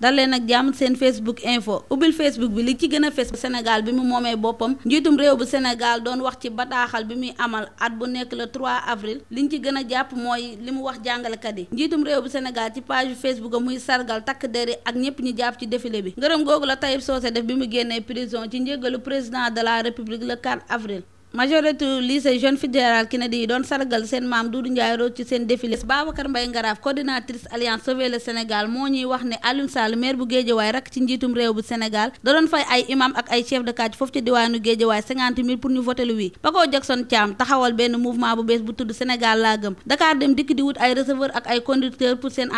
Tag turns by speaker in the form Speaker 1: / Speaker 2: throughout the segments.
Speaker 1: dal leen ak jàmm seen Facebook info ubbil Facebook bi li ci gën a fes Sénégal bi mu moomee boppam njiitum réew bu Sénégal doon wax ci bataaxal bi muy amal at bu nekk le trois avril li liñ ci gën a jàpp mooy li mu wax jàngalekat yi njiitum réew bu Sénégal ci page Facebook a muy sargal takk deri ak ñëpp ñu jàpp ci défilé bi ngërëm googu la Taïb Socé def bi mu génnee prison ci njégalu président de la République le 4 avril majorité lycée jeune fédéral Kennedy yi doon sargal seen maam Doudou Ndiaye Rose ci seen défilé Babacar Mbaye Ngaraaf coordinatrice alliance Sauver le Sénégal moo ñuy wax ne Alioune Sall maire bu Géejawaay rakk ci njiitum réew bu Sénégal da doon fay ay imam ak ay chef de quartier foofu ci diwaanu Géejawaay 50 000 pour ñu voté lu wii Paco Jackson Thiam taxawal benn mouvement bu bees bu tudd Sénégal laa gëm Dakar dem dikk di wut ay receveur ak ay conducteur pour seen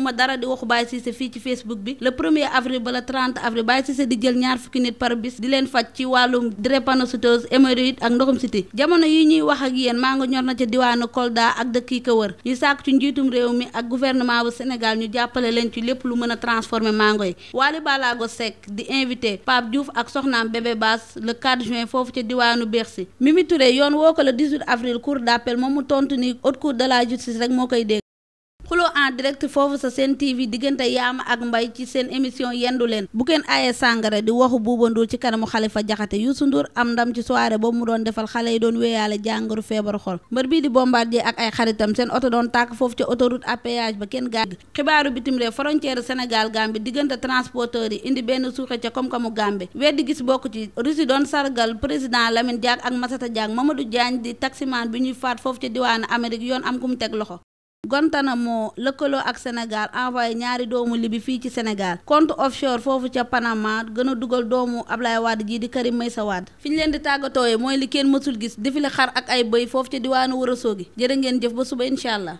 Speaker 1: ma dara di waxu fii ci Facebook bi le 1er avril ba le 30 jël ñaar fukki nit par bis leen faj ci wàllum hémorroïde ak ndoxum siti jamono yi ñuy wax ak yéen maa nga ñor na ca diwaanu Kolda ak dëkk yi ko wër ñu sàkk ci njiitum réew mi ak gouvernement bu Sénégal ñu jàppale leen ci lépp lu mën a transformer mango yi Wally Ballago di invité Pape Diouf ak soxnaam bébé Bass le 4 juin foofu ca diwaanu Bercy Mimi Touré yoon woo ko le 18 avril cour d'appel moom mu tontu ni haute cour de justice rek moo koy dégg en direct foofu sa seen TV diggante Yaama ak mbay ci seen émission yendu leen bu kenn aaye sàngara di waxu Buuba Nduur ci kanamu Xalifa Jaxate Youssou Ndour am ndam ci soirée boobu mu doon defal xale yi doon wéyaale jàngaru feebaru xol mbër bii di Bombardier ak ay xaritam seen oto doon tàkk foofu ca autoroute à péage ba kenn gaañ xibaaru bitim réew frontière Sénégal Gambie diggante transporteur yi indi benn suuxe ca koom-koomu Gambie weddi gis bokk ci Russie doon sargal président Lamine Diack ak Massata Diack Mamadou Diagne di taximan bi ñuy faat foofu ca diwaanu Amérique yoon am ku mu teg loxo Guantanamo lëkkaloo ak Sénégal envoyé ñaari doomu Libi fii ci Sénégal compte offshore foofu ca Panama gën a dugal doomu Ablaye Wade jii di Karim Meïssa Wade fi leen di tàggatooyee mooy li kenn mësul gis défilé xar ak ay bëy foofu ca diwaanu Ourossogui jërë ngeen jëf ba suba incha allah.